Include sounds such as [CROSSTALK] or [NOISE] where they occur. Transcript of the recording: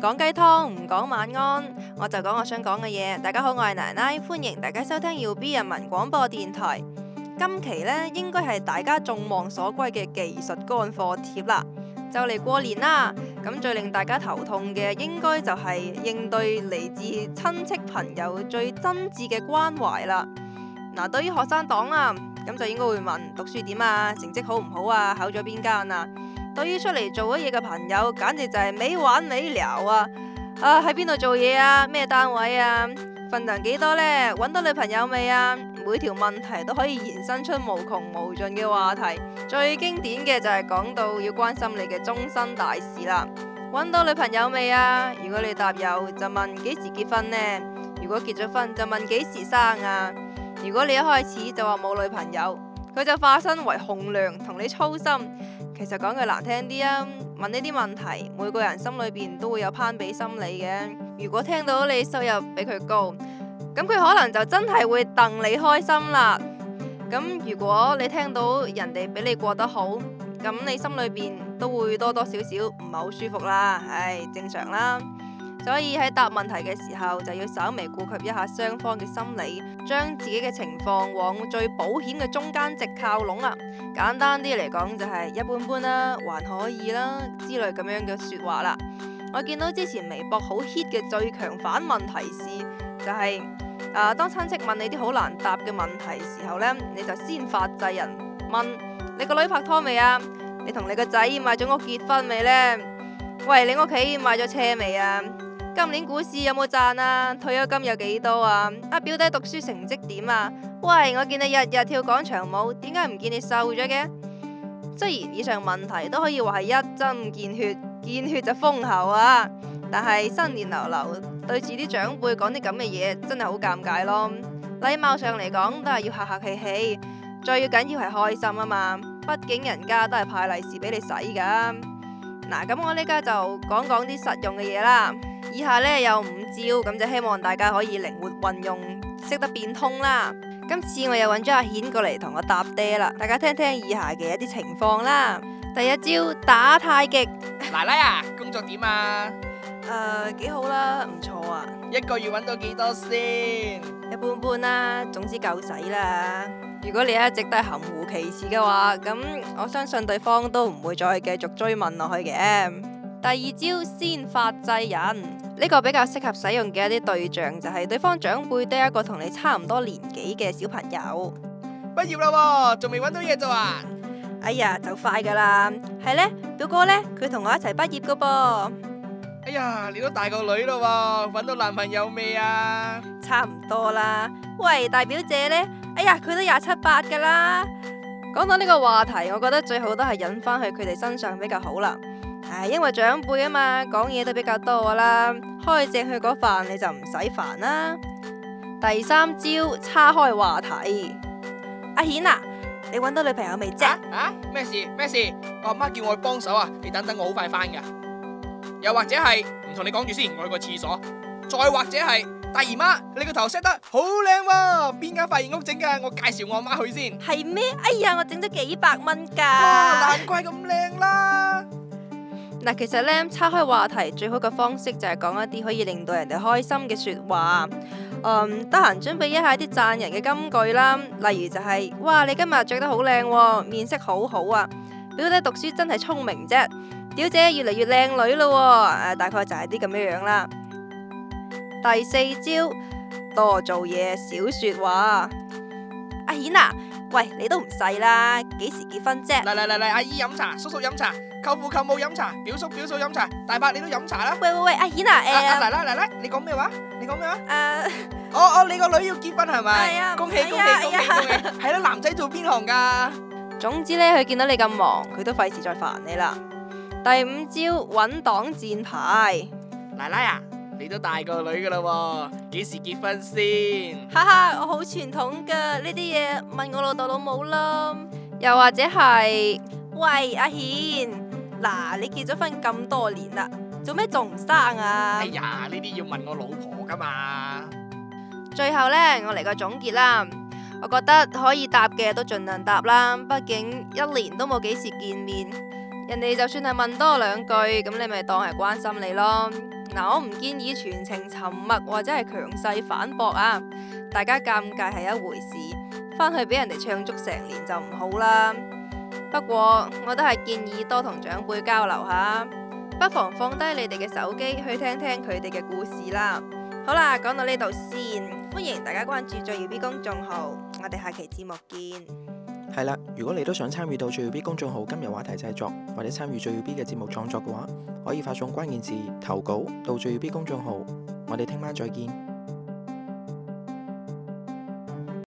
講雞湯唔講晚安，我就講我想講嘅嘢。大家好，我係奶奶，歡迎大家收聽 YB 人民廣播電台。今期呢，應該係大家眾望所歸嘅技術乾貨貼啦。就嚟過年啦，咁最令大家頭痛嘅應該就係應對嚟自親戚朋友最真摯嘅關懷啦。嗱，對於學生黨啊，咁就應該會問：讀書點啊？成績好唔好啊？考咗邊間啊？對於出嚟做嘢嘅朋友，簡直就係冇完冇了啊！啊，喺邊度做嘢啊？咩單位啊？份量幾多呢？搵到女朋友未啊？每條問題都可以延伸出無窮無盡嘅話題。最經典嘅就係講到要關心你嘅終身大事啦。搵到女朋友未啊？如果你答有，就問幾時結婚呢？如果結咗婚，就問幾時生啊？如果你一開始就話冇女朋友。佢就化身為紅娘同你操心，其實講句難聽啲啊，問呢啲問題，每個人心裏邊都會有攀比心理嘅。如果聽到你收入比佢高，咁佢可能就真係會戥你開心啦。咁如果你聽到人哋比你過得好，咁你心裏邊都會多多少少唔係好舒服啦。唉，正常啦。所以喺答問題嘅時候，就要稍微顧及一下雙方嘅心理，將自己嘅情況往最保險嘅中間值靠攏啦。簡單啲嚟講，就係一般般啦，還可以啦之類咁樣嘅說話啦。我見到之前微博好 hit 嘅最強反問題是，就係、是、誒、啊，當親戚問你啲好難答嘅問題時候呢，你就先發制人問，問你個女拍拖未啊？你同你個仔買咗屋結婚未呢？喂，你屋企買咗車未啊？今年股市有冇賺啊？退休金有幾多啊？阿表弟讀書成績點啊？喂，我見你日日跳廣場舞，點解唔見你瘦咗嘅？雖然以上問題都可以話係一針見血，見血就封喉啊，但係新年流流對住啲長輩講啲咁嘅嘢，真係好尷尬咯。禮貌上嚟講都係要客客氣氣，最緊要係開心啊嘛。畢竟人家都係派利是俾你使噶。嗱，咁我呢家就講講啲實用嘅嘢啦。以下呢有五招，咁就希望大家可以靈活運用，識得變通啦。今次我又揾咗阿顯過嚟同我搭爹啦，大家聽聽以下嘅一啲情況啦。第一招打太極，奶奶啊，工作點啊？誒、呃，幾好啦，唔錯啊。一個月揾到幾多先？一般般啦，總之夠使啦。如果你一直都係含糊其辭嘅話，咁我相信對方都唔會再繼續追問落去嘅。第二招先發制人，呢個比較適合使用嘅一啲對象就係對方長輩多一個同你差唔多年紀嘅小朋友。畢業啦，仲未揾到嘢做啊、嗯？哎呀，就快噶啦。係呢，表哥呢？佢同我一齊畢業噶噃。哎呀，你都大個女啦，揾到男朋友未啊？差唔多啦。喂，大表姐呢？哎呀，佢都廿七八噶啦。講到呢個話題，我覺得最好都係引返去佢哋身上比較好啦。係因為長輩啊嘛，講嘢都比較多噶啦，開正佢嗰飯你就唔使煩啦。第三招，叉開話題。阿顯啊，你揾到女朋友未啫？啊？啊咩事咩事？我阿媽叫我去幫手啊，你等等我好快翻噶。又或者係唔同你講住先，我去個廁所。再或者係大姨媽，你個頭 set 得好靚喎，邊間髮型屋整噶？我介紹我阿媽去先。係咩？哎呀，我整咗幾百蚊噶，難怪咁靚啦。嗱，其實咧，岔開話題最好嘅方式就係講一啲可以令到人哋開心嘅說話。嗯，得閒準備一下啲讚人嘅金句啦，例如就係：哇，你今日着得好靚喎，面色好好啊！表弟讀書真係聰明啫，表 [MUSIC] 姐越嚟越靚女啦。誒，大概就係啲咁樣樣啦。第四招，多做嘢，少說話。阿顯啊，喂，你都唔細啦，幾時結婚啫？嚟嚟嚟嚟，阿姨飲茶，叔叔飲茶。舅父舅，舅母飲茶，表叔表嫂飲茶，大伯你都飲茶啦。喂喂喂，阿顯啊，誒、啊，奶奶奶奶，你講咩話？你講咩話？誒、uh，哦哦，你個女要結婚係咪？係啊 Yeah.，恭喜恭喜恭喜恭喜。係咯 Yeah.，男仔做邊行噶？總之咧，佢見到你咁忙，佢都費事再煩你啦。第五招，搵擋箭牌。奶奶啊，你都大個女噶啦，幾時結婚先？哈哈，我好傳統噶，呢啲嘢問我老豆老母啦。又或者係，喂阿顯。嗱，你結咗婚咁多年啦，做咩仲唔生啊？哎呀，呢啲要問我老婆噶嘛。最後呢，我嚟個總結啦，我覺得可以答嘅都盡量答啦，畢竟一年都冇幾時見面，人哋就算係問多兩句，咁你咪當係關心你咯。嗱、啊，我唔建議全程沉默或者係強勢反駁啊，大家尷尬係一回事，翻去俾人哋唱足成年就唔好啦。不過我都係建議多同長輩交流下，不妨放低你哋嘅手機去聽聽佢哋嘅故事啦。好啦，講到呢度先，歡迎大家關注最耀 B 公眾號，我哋下期節目見。係啦，如果你都想參與到最耀 B 公眾號今日話題製作，或者參與最耀 B 嘅節目創作嘅話，可以發送關鍵字投稿到最耀 B 公眾號，我哋聽晚再見。